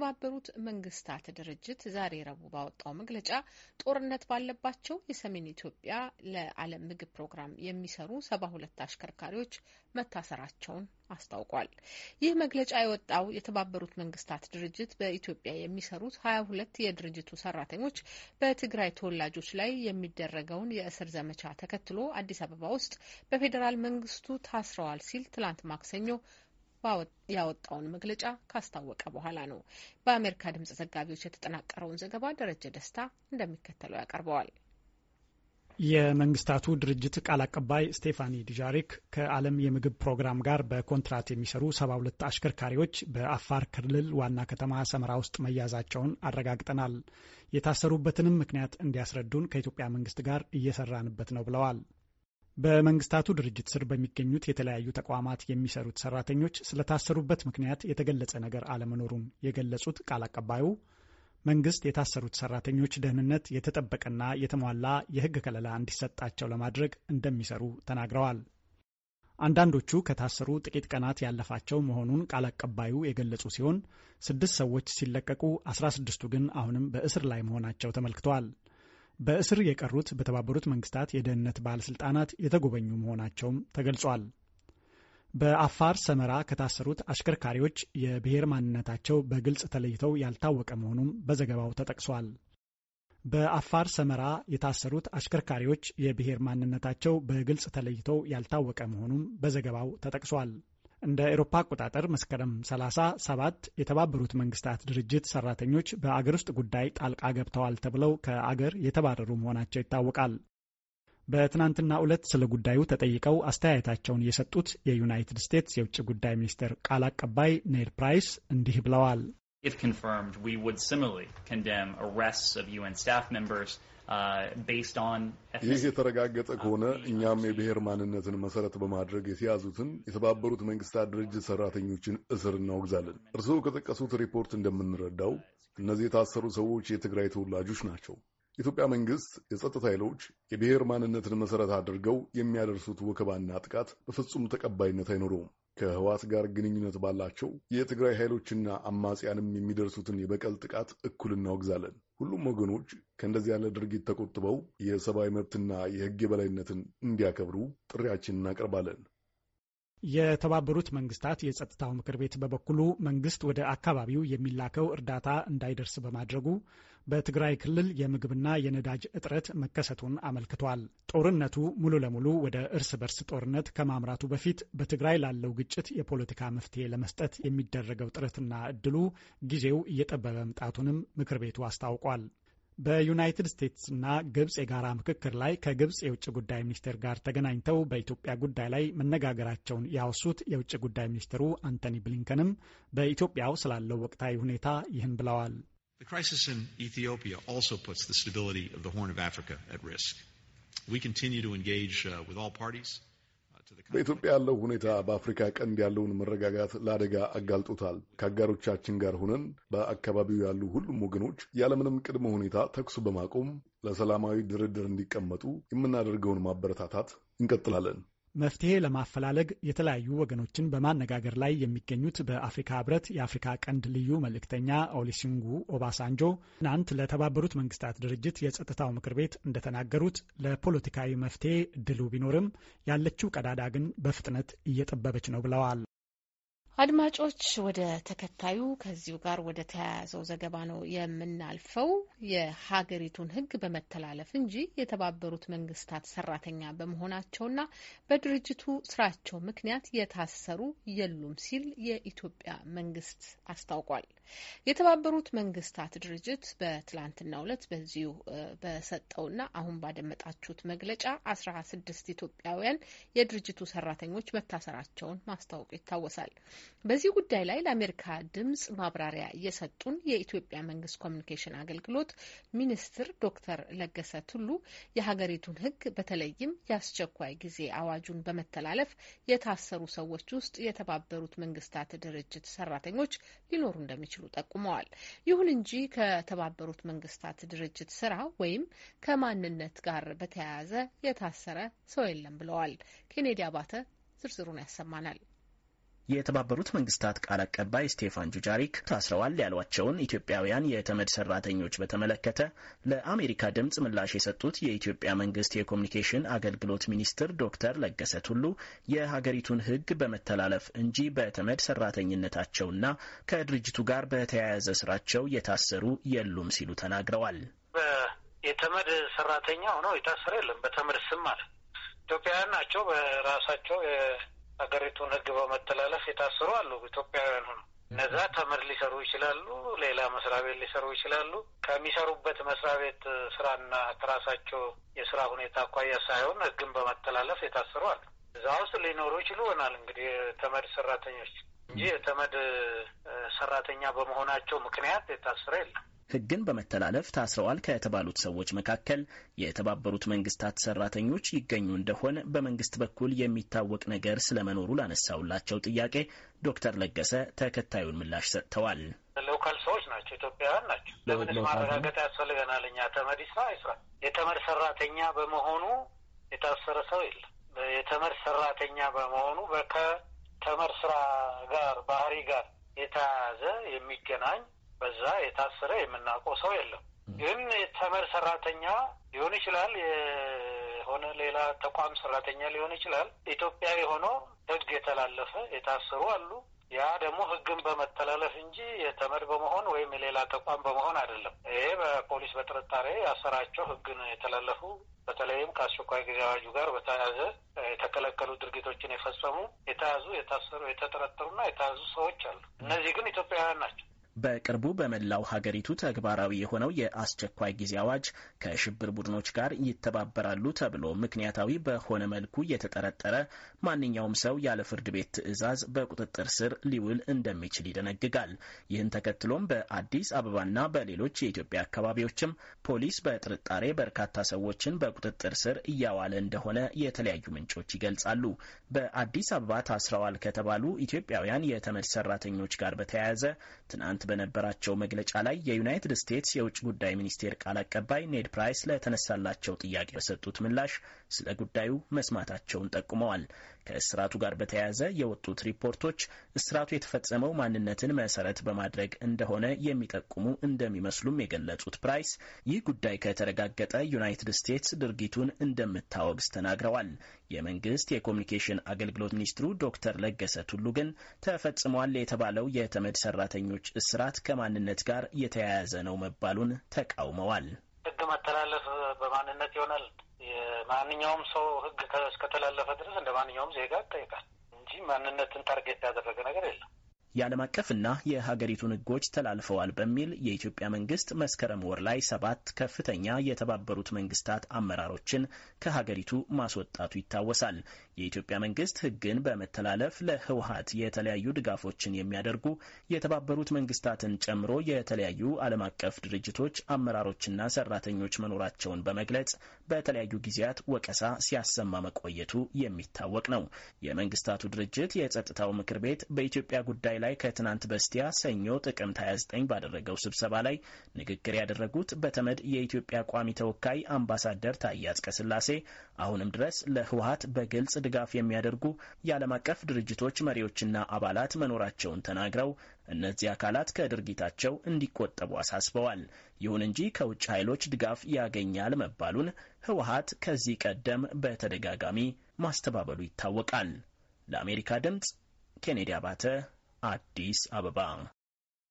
የተባበሩት መንግስታት ድርጅት ዛሬ ረቡዕ ባወጣው መግለጫ ጦርነት ባለባቸው የሰሜን ኢትዮጵያ ለዓለም ምግብ ፕሮግራም የሚሰሩ ሰባ ሁለት አሽከርካሪዎች መታሰራቸውን አስታውቋል። ይህ መግለጫ የወጣው የተባበሩት መንግስታት ድርጅት በኢትዮጵያ የሚሰሩት ሀያ ሁለት የድርጅቱ ሰራተኞች በትግራይ ተወላጆች ላይ የሚደረገውን የእስር ዘመቻ ተከትሎ አዲስ አበባ ውስጥ በፌዴራል መንግስቱ ታስረዋል ሲል ትላንት ማክሰኞ ያወጣውን መግለጫ ካስታወቀ በኋላ ነው። በአሜሪካ ድምጽ ዘጋቢዎች የተጠናቀረውን ዘገባ ደረጀ ደስታ እንደሚከተለው ያቀርበዋል። የመንግስታቱ ድርጅት ቃል አቀባይ ስቴፋኒ ዱጃሪክ ከዓለም የምግብ ፕሮግራም ጋር በኮንትራት የሚሰሩ 72 አሽከርካሪዎች በአፋር ክልል ዋና ከተማ ሰመራ ውስጥ መያዛቸውን አረጋግጠናል። የታሰሩበትንም ምክንያት እንዲያስረዱን ከኢትዮጵያ መንግስት ጋር እየሰራንበት ነው ብለዋል። በመንግስታቱ ድርጅት ስር በሚገኙት የተለያዩ ተቋማት የሚሰሩት ሰራተኞች ስለታሰሩበት ምክንያት የተገለጸ ነገር አለመኖሩን የገለጹት ቃል አቀባዩ መንግስት የታሰሩት ሰራተኞች ደህንነት የተጠበቀና የተሟላ የሕግ ከለላ እንዲሰጣቸው ለማድረግ እንደሚሰሩ ተናግረዋል። አንዳንዶቹ ከታሰሩ ጥቂት ቀናት ያለፋቸው መሆኑን ቃል አቀባዩ የገለጹ ሲሆን ስድስት ሰዎች ሲለቀቁ አስራ ስድስቱ ግን አሁንም በእስር ላይ መሆናቸው ተመልክተዋል። በእስር የቀሩት በተባበሩት መንግስታት የደህንነት ባለሥልጣናት የተጎበኙ መሆናቸውም ተገልጿል። በአፋር ሰመራ ከታሰሩት አሽከርካሪዎች የብሔር ማንነታቸው በግልጽ ተለይተው ያልታወቀ መሆኑም በዘገባው ተጠቅሷል። በአፋር ሰመራ የታሰሩት አሽከርካሪዎች የብሔር ማንነታቸው በግልጽ ተለይተው ያልታወቀ መሆኑም በዘገባው ተጠቅሷል። እንደ ኤሮፓ አቆጣጠር መስከረም 37 የተባበሩት መንግስታት ድርጅት ሰራተኞች በአገር ውስጥ ጉዳይ ጣልቃ ገብተዋል ተብለው ከአገር የተባረሩ መሆናቸው ይታወቃል። በትናንትና ዕለት ስለ ጉዳዩ ተጠይቀው አስተያየታቸውን የሰጡት የዩናይትድ ስቴትስ የውጭ ጉዳይ ሚኒስቴር ቃል አቀባይ ኔድ ፕራይስ እንዲህ ብለዋል። If confirmed, we would similarly condemn arrests of UN staff members Uh, ይህ የተረጋገጠ uh, ከሆነ እኛም የብሔር ማንነትን መሰረት በማድረግ የተያዙትን የተባበሩት መንግስታት ድርጅት ሰራተኞችን እስር እናወግዛለን። እርስዎ ከጠቀሱት ሪፖርት እንደምንረዳው እነዚህ የታሰሩ ሰዎች የትግራይ ተወላጆች ናቸው። የኢትዮጵያ መንግስት የጸጥታ ኃይሎች የብሔር ማንነትን መሰረት አድርገው የሚያደርሱት ወከባና ጥቃት በፍጹም ተቀባይነት አይኖረውም። ከህዋት ጋር ግንኙነት ባላቸው የትግራይ ኃይሎችና አማጽያንም የሚደርሱትን የበቀል ጥቃት እኩል እናወግዛለን። ሁሉም ወገኖች ከእንደዚህ ያለ ድርጊት ተቆጥበው የሰብአዊ መብትና የሕግ የበላይነትን እንዲያከብሩ ጥሪያችን እናቀርባለን። የተባበሩት መንግስታት የጸጥታው ምክር ቤት በበኩሉ መንግስት ወደ አካባቢው የሚላከው እርዳታ እንዳይደርስ በማድረጉ በትግራይ ክልል የምግብና የነዳጅ እጥረት መከሰቱን አመልክቷል። ጦርነቱ ሙሉ ለሙሉ ወደ እርስ በርስ ጦርነት ከማምራቱ በፊት በትግራይ ላለው ግጭት የፖለቲካ መፍትሄ ለመስጠት የሚደረገው ጥረትና እድሉ ጊዜው እየጠበበ መምጣቱንም ምክር ቤቱ አስታውቋል። በዩናይትድ ስቴትስና ግብፅ የጋራ ምክክር ላይ ከግብፅ የውጭ ጉዳይ ሚኒስቴር ጋር ተገናኝተው በኢትዮጵያ ጉዳይ ላይ መነጋገራቸውን ያወሱት የውጭ ጉዳይ ሚኒስትሩ አንቶኒ ብሊንከንም በኢትዮጵያው ስላለው ወቅታዊ ሁኔታ ይህን ብለዋል። በኢትዮጵያ ያለው ሁኔታ በአፍሪካ ቀንድ ያለውን መረጋጋት ለአደጋ አጋልጦታል። ከአጋሮቻችን ጋር ሆነን በአካባቢው ያሉ ሁሉም ወገኖች ያለምንም ቅድመ ሁኔታ ተኩስ በማቆም ለሰላማዊ ድርድር እንዲቀመጡ የምናደርገውን ማበረታታት እንቀጥላለን። መፍትሄ ለማፈላለግ የተለያዩ ወገኖችን በማነጋገር ላይ የሚገኙት በአፍሪካ ህብረት የአፍሪካ ቀንድ ልዩ መልእክተኛ ኦሊሲንጉ ኦባሳንጆ ትናንት ለተባበሩት መንግስታት ድርጅት የጸጥታው ምክር ቤት እንደተናገሩት ለፖለቲካዊ መፍትሄ እድሉ ቢኖርም ያለችው ቀዳዳ ግን በፍጥነት እየጠበበች ነው ብለዋል። አድማጮች ወደ ተከታዩ ከዚሁ ጋር ወደ ተያያዘው ዘገባ ነው የምናልፈው። የሀገሪቱን ሕግ በመተላለፍ እንጂ የተባበሩት መንግስታት ሰራተኛ በመሆናቸውና በድርጅቱ ስራቸው ምክንያት የታሰሩ የሉም ሲል የኢትዮጵያ መንግስት አስታውቋል። የተባበሩት መንግስታት ድርጅት በትላንትናው ዕለት በዚሁ በሰጠውና አሁን ባደመጣችሁት መግለጫ አስራ ስድስት ኢትዮጵያውያን የድርጅቱ ሰራተኞች መታሰራቸውን ማስታወቁ ይታወሳል። በዚህ ጉዳይ ላይ ለአሜሪካ ድምጽ ማብራሪያ እየሰጡን የኢትዮጵያ መንግስት ኮሚኒኬሽን አገልግሎት ሚኒስትር ዶክተር ለገሰ ቱሉ የሀገሪቱን ህግ በተለይም የአስቸኳይ ጊዜ አዋጁን በመተላለፍ የታሰሩ ሰዎች ውስጥ የተባበሩት መንግስታት ድርጅት ሰራተኞች ሊኖሩ እንደሚችሉ እንደሚችሉ ጠቁመዋል። ይሁን እንጂ ከተባበሩት መንግስታት ድርጅት ስራ ወይም ከማንነት ጋር በተያያዘ የታሰረ ሰው የለም ብለዋል። ኬኔዲ አባተ ዝርዝሩን ያሰማናል። የተባበሩት መንግስታት ቃል አቀባይ ስቴፋን ጁጃሪክ ታስረዋል ያሏቸውን ኢትዮጵያውያን የተመድ ሰራተኞች በተመለከተ ለአሜሪካ ድምፅ ምላሽ የሰጡት የኢትዮጵያ መንግስት የኮሚኒኬሽን አገልግሎት ሚኒስትር ዶክተር ለገሰ ቱሉ የሀገሪቱን ህግ በመተላለፍ እንጂ በተመድ ሰራተኝነታቸውና ከድርጅቱ ጋር በተያያዘ ስራቸው የታሰሩ የሉም ሲሉ ተናግረዋል። የተመድ ሰራተኛ ሆኖ የታሰረ የለም። በተመድ ስም ማለት ኢትዮጵያውያን ናቸው። በራሳቸው ሀገሪቱን ህግ በመተላለፍ የታሰሩ አሉ። ኢትዮጵያውያን ሆነው እነዛ ተምር ሊሰሩ ይችላሉ። ሌላ መስሪያ ቤት ሊሰሩ ይችላሉ። ከሚሰሩበት መስሪያ ቤት ስራና ከራሳቸው የስራ ሁኔታ አኳያ ሳይሆን ህግን በመተላለፍ የታሰሩ አሉ። እዛ ውስጥ ሊኖሩ ይችሉ ይሆናል እንግዲህ የተመድ ሰራተኞች እንጂ የተመድ ሰራተኛ በመሆናቸው ምክንያት የታሰረ የለም። ሕግን በመተላለፍ ታስረዋል ከተባሉት ሰዎች መካከል የተባበሩት መንግስታት ሰራተኞች ይገኙ እንደሆን በመንግስት በኩል የሚታወቅ ነገር ስለመኖሩ ላነሳውላቸው ጥያቄ ዶክተር ለገሰ ተከታዩን ምላሽ ሰጥተዋል። ሎካል ሰዎች ናቸው፣ ኢትዮጵያውያን ናቸው። ለምንስ ማረጋገጥ ያስፈልገናል? እኛ ተመድ ስራ ይስራ። የተመድ ሰራተኛ በመሆኑ የታሰረ ሰው የለም። የተመድ ሰራተኛ በመሆኑ ከተመድ ስራ ጋር ባህሪ ጋር የተያያዘ የሚገናኝ በዛ የታሰረ የምናውቀው ሰው የለም። ግን የተመድ ሰራተኛ ሊሆን ይችላል፣ የሆነ ሌላ ተቋም ሰራተኛ ሊሆን ይችላል። ኢትዮጵያዊ ሆኖ ህግ የተላለፈ የታሰሩ አሉ። ያ ደግሞ ህግን በመተላለፍ እንጂ የተመድ በመሆን ወይም የሌላ ተቋም በመሆን አይደለም። ይሄ በፖሊስ በጥርጣሬ ያሰራቸው ህግን የተላለፉ በተለይም ከአስቸኳይ ጊዜ አዋጁ ጋር በተያያዘ የተከለከሉ ድርጊቶችን የፈጸሙ የተያዙ፣ የታሰሩ፣ የተጠረጠሩና የተያዙ ሰዎች አሉ። እነዚህ ግን ኢትዮጵያውያን ናቸው። በቅርቡ በመላው ሀገሪቱ ተግባራዊ የሆነው የአስቸኳይ ጊዜ አዋጅ ከሽብር ቡድኖች ጋር ይተባበራሉ ተብሎ ምክንያታዊ በሆነ መልኩ የተጠረጠረ ማንኛውም ሰው ያለ ፍርድ ቤት ትዕዛዝ በቁጥጥር ስር ሊውል እንደሚችል ይደነግጋል። ይህን ተከትሎም በአዲስ አበባና በሌሎች የኢትዮጵያ አካባቢዎችም ፖሊስ በጥርጣሬ በርካታ ሰዎችን በቁጥጥር ስር እያዋለ እንደሆነ የተለያዩ ምንጮች ይገልጻሉ። በአዲስ አበባ ታስረዋል ከተባሉ ኢትዮጵያውያን የተመድ ሰራተኞች ጋር በተያያዘ ትናንት በነበራቸው መግለጫ ላይ የዩናይትድ ስቴትስ የውጭ ጉዳይ ሚኒስቴር ቃል አቀባይ ኔድ ፕራይስ ለተነሳላቸው ጥያቄ በሰጡት ምላሽ ስለ ጉዳዩ መስማታቸውን ጠቁመዋል። ከእስራቱ ጋር በተያያዘ የወጡት ሪፖርቶች እስራቱ የተፈጸመው ማንነትን መሰረት በማድረግ እንደሆነ የሚጠቁሙ እንደሚመስሉም የገለጹት ፕራይስ ይህ ጉዳይ ከተረጋገጠ ዩናይትድ ስቴትስ ድርጊቱን እንደምታወግዝ ተናግረዋል። የመንግስት የኮሚኒኬሽን አገልግሎት ሚኒስትሩ ዶክተር ለገሰ ቱሉ ግን ተፈጽሟል የተባለው የተመድ ሰራተኞች እስራት ከማንነት ጋር የተያያዘ ነው መባሉን ተቃውመዋል። ህግ መተላለፍ በማንነት ይሆናል። የማንኛውም ሰው ህግ እስከተላለፈ ድረስ እንደ ማንኛውም ዜጋ ይጠይቃል እንጂ ማንነትን ታርጌት ያደረገ ነገር የለም። የዓለም አቀፍና የሀገሪቱን ሕጎች ተላልፈዋል በሚል የኢትዮጵያ መንግስት መስከረም ወር ላይ ሰባት ከፍተኛ የተባበሩት መንግስታት አመራሮችን ከሀገሪቱ ማስወጣቱ ይታወሳል። የኢትዮጵያ መንግስት ሕግን በመተላለፍ ለህወሀት የተለያዩ ድጋፎችን የሚያደርጉ የተባበሩት መንግስታትን ጨምሮ የተለያዩ ዓለም አቀፍ ድርጅቶች አመራሮችና ሰራተኞች መኖራቸውን በመግለጽ በተለያዩ ጊዜያት ወቀሳ ሲያሰማ መቆየቱ የሚታወቅ ነው። የመንግስታቱ ድርጅት የጸጥታው ምክር ቤት በኢትዮጵያ ጉዳይ ላይ ከትናንት በስቲያ ሰኞ ጥቅምት 29 ባደረገው ስብሰባ ላይ ንግግር ያደረጉት በተመድ የኢትዮጵያ ቋሚ ተወካይ አምባሳደር ታዬ አጽቀሥላሴ አሁንም ድረስ ለህወሀት በግልጽ ድጋፍ የሚያደርጉ የዓለም አቀፍ ድርጅቶች መሪዎችና አባላት መኖራቸውን ተናግረው እነዚህ አካላት ከድርጊታቸው እንዲቆጠቡ አሳስበዋል። ይሁን እንጂ ከውጭ ኃይሎች ድጋፍ ያገኛል መባሉን ህወሀት ከዚህ ቀደም በተደጋጋሚ ማስተባበሉ ይታወቃል። ለአሜሪካ ድምፅ ኬኔዲ አባተ Addis Ababa